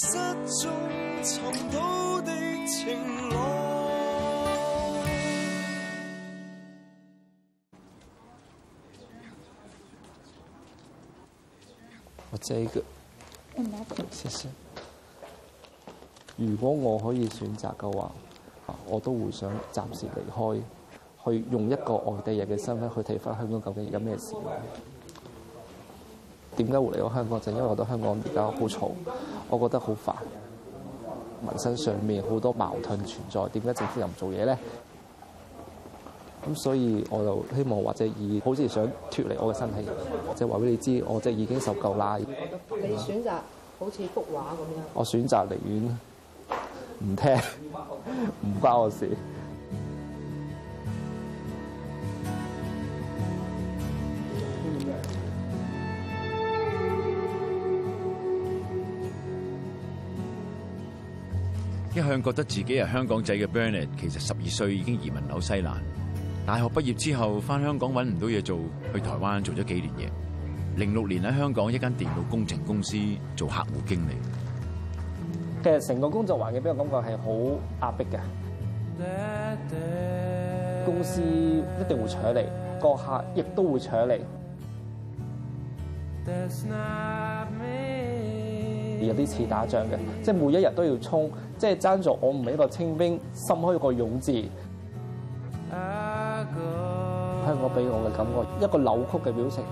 失蹤尋到的情我這一個，謝謝。如果我可以選擇嘅話，我都會想暫時離開，去用一個外地人嘅身份去睇返香港究竟有咩事。點解會嚟到香港？就因為我覺得香港而家好嘈，我覺得好煩，民生上面好多矛盾存在。點解政府又唔做嘢咧？咁所以我就希望或者以好似想脫離我嘅身體，即係話俾你知，我即係已經受夠啦。你選擇好似幅畫咁樣，我選擇寧願唔聽，唔關我事。一向覺得自己係香港仔嘅 Bernard 其實十二歲已經移民紐西蘭。大學畢業之後翻香港揾唔到嘢做，去台灣做咗幾年嘢。零六年喺香港一間電腦工程公司做客戶經理，其實成個工作環境俾我感覺係好壓迫嘅。公司一定會搶你，個客亦都會搶你，而有啲似打仗嘅，即係每一日都要衝。即係爭在，我唔係一個清兵，心開個勇字。香港俾我嘅感覺，一個扭曲嘅表情，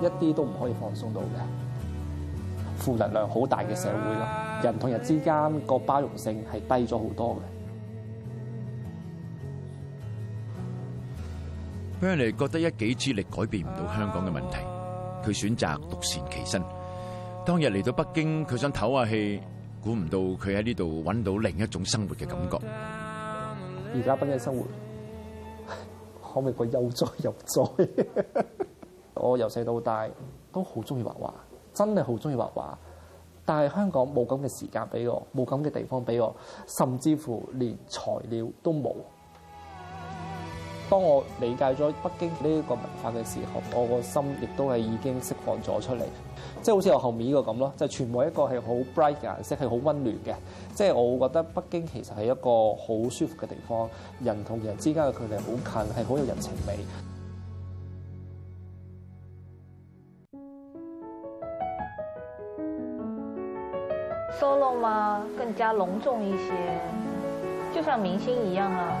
一啲都唔可以放鬆到嘅。負能量好大嘅社會咯，人同人之間個包容性係低咗好多嘅。Bernard 覺得一己之力改變唔到香港嘅問題，佢選擇獨善其身。當日嚟到北京，佢想唞下氣。估唔到佢喺呢度揾到另一種生活嘅感覺。而家嘅生活可唔可以過悠哉悠哉？我由細到大都好中意畫畫，真係好中意畫畫。但係香港冇咁嘅時間俾我，冇咁嘅地方俾我，甚至乎連材料都冇。當我理解咗北京呢一個文化嘅時候，我個心亦都係已經釋放咗出嚟，即係好似我後面呢個咁咯，就是、全部一個係好 bright 嘅顏色，係好溫暖嘅，即係我覺得北京其實係一個好舒服嘅地方，人同人之間嘅距離好近，係好有人情味。Solo 嗎更加隆重一些，就像明星一樣啊！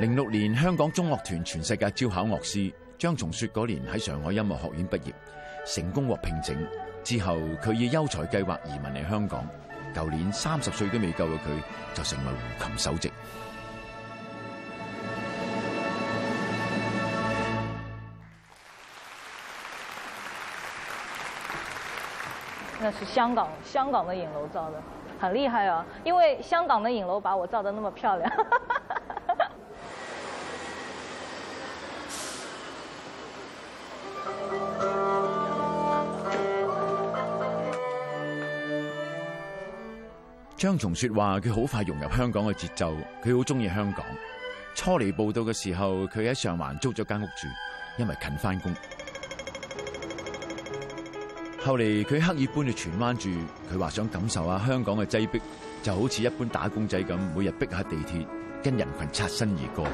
零六年香港中樂團全世界招考樂師，張從雪嗰年喺上海音樂學院畢業，成功獲聘請整之後，佢以優才計劃移民嚟香港。舊年三十歲都未夠嘅佢，就成為胡琴首席。那是香港，香港的影樓造的，很厲害啊！因為香港的影樓把我造得那麼漂亮。張重雪話佢好快融入香港嘅節奏，佢好中意香港。初嚟報到嘅時候，佢喺上環租咗間屋住，因為近翻工。後嚟佢刻意搬去荃灣住，佢話想感受下香港嘅擠逼，就好似一般打工仔咁，每日逼下地鐵，跟人群擦身而過。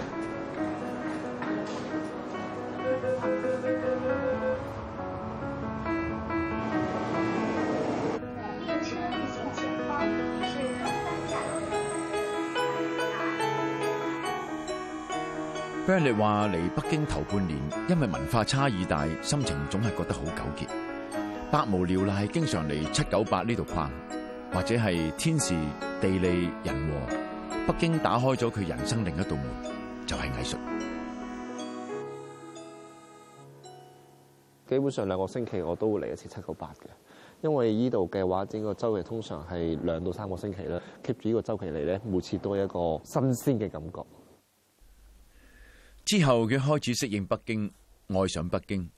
Bernard 話嚟北京頭半年，因為文化差異大，心情總係覺得好糾結，百無聊賴，經常嚟七九八呢度逛，或者係天時地利人和，北京打開咗佢人生另一道門，就係藝術。基本上兩個星期我都會嚟一次七九八嘅，因為呢度嘅話，整個周期通常係兩到三個星期啦，keep 住呢個周期嚟咧，每次都係一個新鮮嘅感覺。之後佢開始適應北京，愛上北京。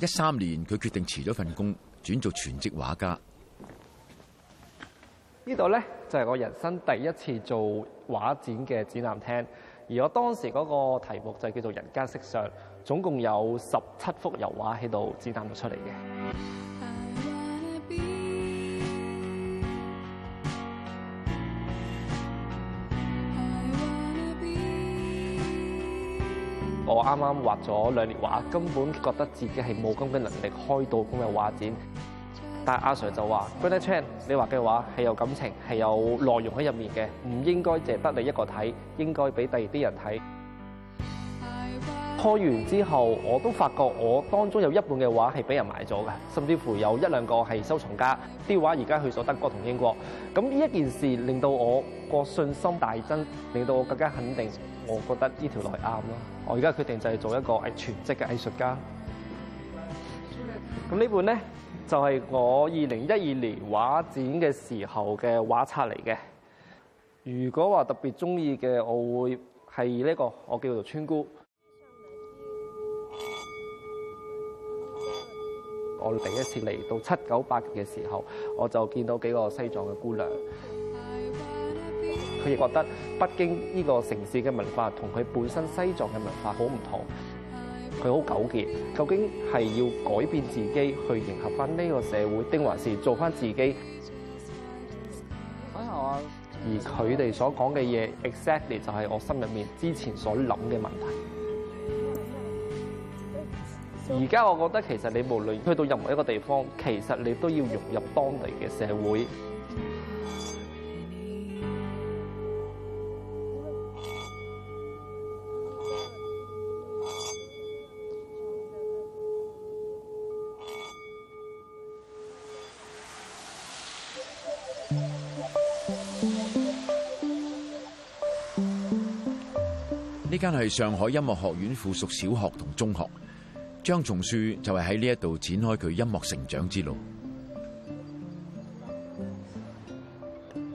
一三年佢決定辭咗份工，轉做全職畫家。呢度呢，就係我人生第一次做畫展嘅展覽廳，而我當時嗰個題目就叫做《人間色相》，總共有十七幅油畫喺度展覽咗出嚟嘅。我啱啱畫咗兩年畫，根本覺得自己係冇咁嘅能力開到咁嘅畫展，但係阿 Sir 就話，Bernard Chan，你畫嘅畫係有感情，係有內容喺入面嘅，唔應該淨得你一個睇，應該俾第二啲人睇。開完之後，我都發覺我當中有一半嘅畫係俾人買咗嘅，甚至乎有一兩個係收藏家。啲畫而家去咗德國同英國。咁呢一件事令到我個信心大增，令到我更加肯定，我覺得呢條路係啱咯。我而家決定就係做一個係全職嘅藝術家。咁呢本咧就係我二零一二年畫展嘅時候嘅畫冊嚟嘅。如果話特別中意嘅，我會係呢個我叫做村姑。我第一次嚟到七九八嘅時候，我就見到幾個西藏嘅姑娘，佢亦覺得北京呢個城市嘅文化同佢本身西藏嘅文化好唔同，佢好糾結究竟係要改變自己去迎合翻呢個社會定還是做翻自己？嗯嗯嗯、而佢哋所講嘅嘢，exactly 就係我心入面之前所諗嘅問題。而家我覺得其實你無論去到任何一個地方，其實你都要融入當地嘅社會。呢間係上海音樂學院附屬小學同中學。張重雪就係喺呢一度展開佢音樂成長之路。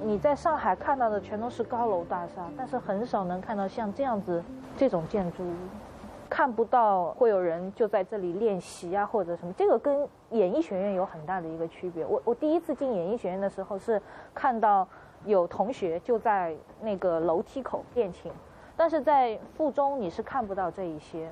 你在上海看到的全都是高樓大廈，但是很少能看到像這樣子這種建築物，看不到會有人就在這裏練習啊，或者什麼。這個跟演藝學院有很大的一個區別。我我第一次進演藝學院的時候，是看到有同學就在那個樓梯口練琴，但是在附中你是看不到這一些。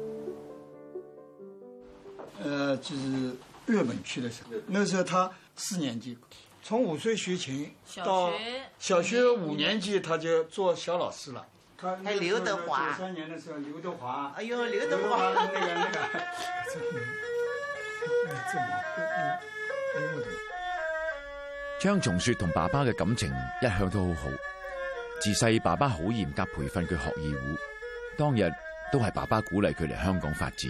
就是日本去的時候，那時候他四年級，從五歲學琴到小學五年級，他就做小老師了。還劉德華九三年的時候，劉德華。哎呦，劉德華！那個那個、 張重雪同爸爸嘅感情一向都好好，自細爸爸好嚴格培訓佢學二胡，當日都係爸爸鼓勵佢嚟香港發展。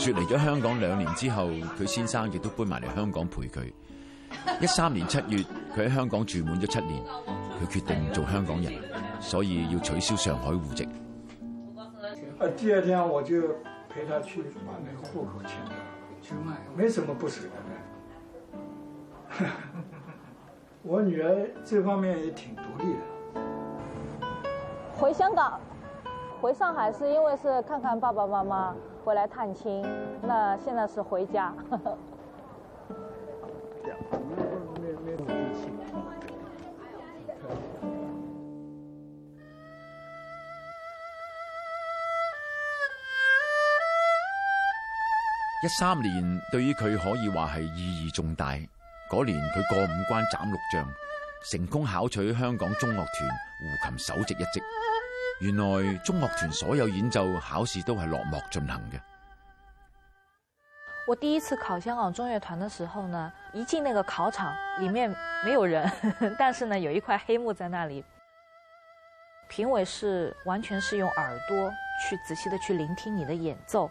住嚟咗香港兩年之後，佢先生亦都搬埋嚟香港陪佢。一三年七月，佢喺香港住滿咗七年，佢決定做香港人，所以要取消上海戶籍。第二天我就陪他去把那個戶口遷掉，去辦，沒什麼不捨得。 我女兒這方面也挺獨立的。回香港、回上海是因為是看看爸爸媽媽。回來探親，那現在是回家。一三 年對於佢可以話係意義重大，嗰年佢過五關斬六將，成功考取香港中樂團胡琴首席一職。原來中樂團所有演奏考試都係落幕進行嘅。我第一次考香港中樂團嘅時候呢，一進那個考場，裏面沒有人，但是呢，有一塊黑幕在那裏。評委是完全是用耳朵去仔細地去聆聽你的演奏。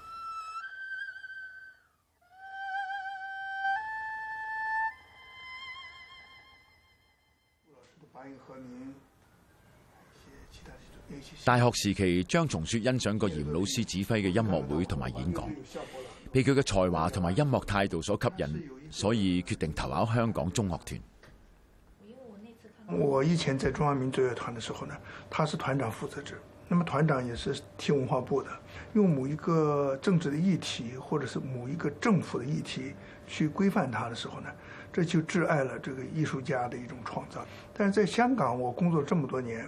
大學時期，張重雪欣賞過嚴老師指揮嘅音樂會同埋演講，被佢嘅才華同埋音樂態度所吸引，所以決定投考香港中樂團。我以前在中央民族樂團嘅時候呢，他是團長負責制，那麼團長也是聽文化部的，用某一個政治的議題或者是某一個政府的議題去規範他的時候呢，這就阻礙了這個藝術家的一種創造。但是在香港，我工作這麼多年。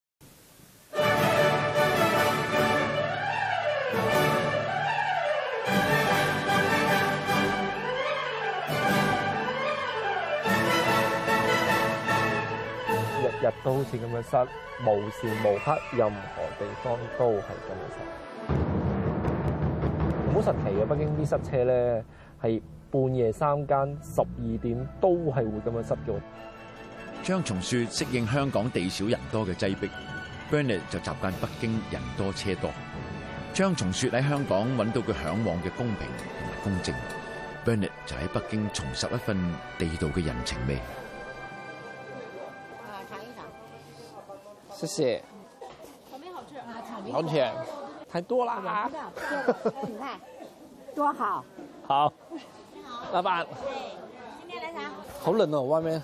日都好似咁樣塞，無時無刻任何地方都係咁樣塞的，好神奇嘅北京啲塞車咧，係半夜三更十二點都係會咁樣塞咗。張重雪適應香港地少人多嘅擠逼，Bernard 就習慣北京人多車多。張重雪喺香港揾到佢向往嘅公平同埋公正，Bernard 就喺北京重拾一份地道嘅人情味。謝謝，草莓好吃啊！老鐵，太多啦，你看，多 好，好，你好，老闆，今天來啥？好冷哦，啊，外面。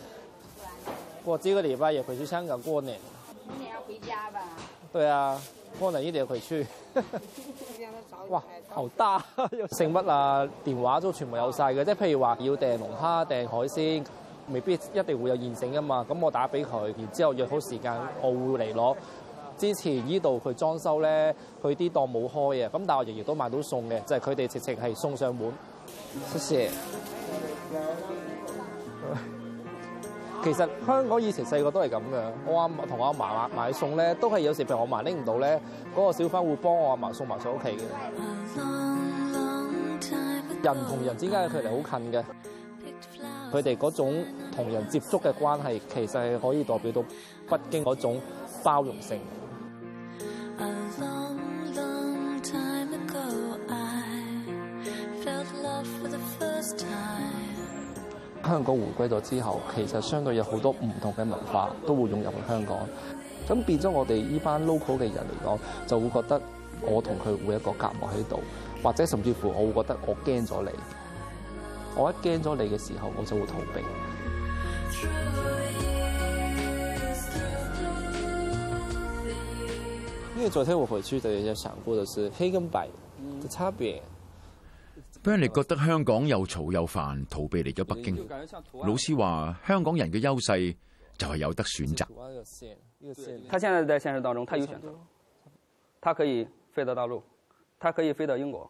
我這個禮拜也回去香港過年。今年要回家吧？對啊，過年一定要回去。哇，好大，姓乜啊？電話都全部有晒嘅，即係譬如話要訂龍蝦、訂海鮮。未必一定會有現成噶嘛，咁我打俾佢，然之後約好時間，我會嚟攞。之前依度佢裝修咧，佢啲檔冇開嘅，咁但我仍然都買到餸嘅，就係佢哋直情係送上門。是謝謝。 其實香港以前細個都係咁嘅，我阿嫲同我阿嫲買買餸咧，都係有時譬如我嫲拎唔到咧，嗰、那個小販會幫我阿嫲送埋上屋企嘅。Long, long ago, 人同人之間嘅距離好近嘅。佢哋嗰種同人接觸嘅關係，其實係可以代表到北京嗰種包容性。香港回歸咗之後，其實相對有好多唔同嘅文化都會融入去香港，咁變咗我哋呢班 local 嘅人嚟講，就會覺得我同佢會有一個隔膜喺度，或者甚至乎我會覺得我驚咗你。我一驚咗你嘅時候，我就會逃避。因為昨天我回去嘅時候，我就想過就係黑跟白嘅差別。Bernard 覺得香港又嘈又煩，逃避嚟咗北京。老師話：香港人嘅優勢就係有得選擇。他現在在現實當中，他有選擇，他可以飛到大陸，他可以飛到英國。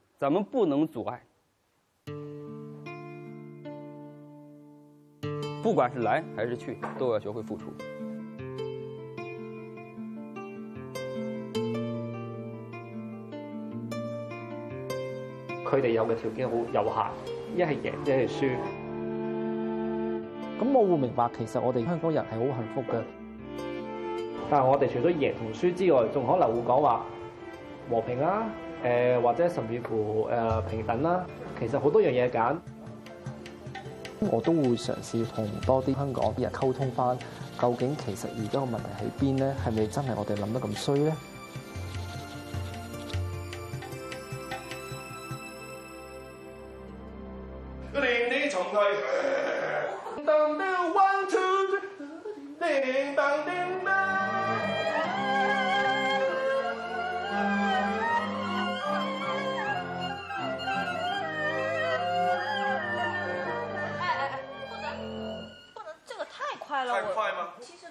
咱們不能阻礙，不管是來還是去，都要學會付出。佢哋有嘅條件好有限，一係贏一係輸。咁我會明白，其實我哋香港人係好幸福嘅。但係我哋除咗贏同輸之外，仲可能會講話和平啦。誒、呃、或者甚至乎誒平等啦，其實好多樣嘢揀，我都會嘗試同多啲香港啲人溝通返，究竟其實而家個問題喺邊咧？係咪真係我哋諗得咁衰咧？ 嗯嗯嗯嗯嗯嗯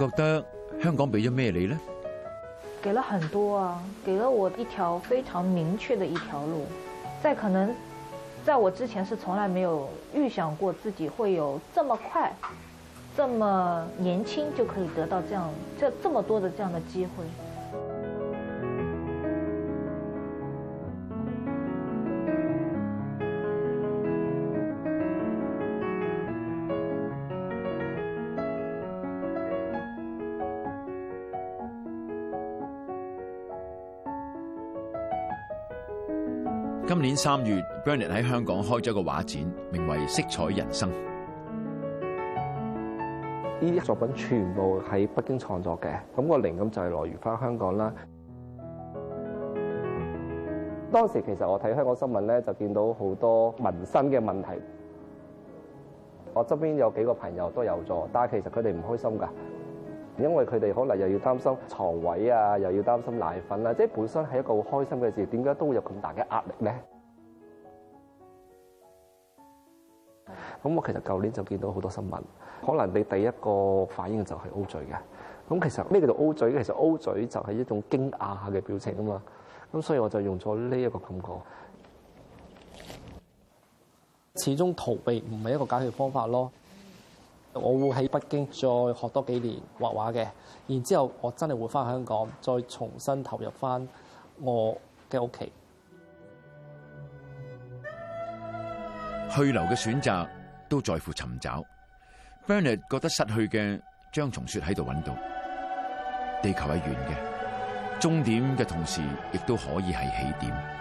覺得香港俾咗咩你呢？給了很多啊，給了我一條非常明確的一條路，在可能在我之前是從來沒有預想過自己會有這麼快、這麼年輕就可以得到這樣這這麼多的這樣的機會。今年三月，Bernard 喺香港開咗一個畫展，名為《色彩人生》。呢啲作品全部喺北京創作嘅，咁個靈感就係來源翻香港啦。當時其實我睇香港新聞咧，就見到好多民生嘅問題。我周邊有幾個朋友都有咗，但係其實佢哋唔開心噶。因為佢哋可能又要擔心床位啊，又要擔心奶粉啦，即係本身係一個好開心嘅事，點解都會有咁大嘅壓力咧？咁我其實舊年就見到好多新聞，可能你第一個反應就係 O 嘴嘅。咁其實咩叫做「O 嘴」？其實 O 嘴就係一種驚訝嘅表情啊嘛。咁所以我就用咗呢一個感覺，始終逃避唔係一個解決方法咯。我會喺北京再學多幾年畫畫嘅，然之後我真係會返香港再重新投入返我嘅屋企。去留嘅選擇都在乎尋找。Bernard 覺得失去嘅張重雪喺度搵到。地球係圓嘅，終點嘅同時亦都可以係起點。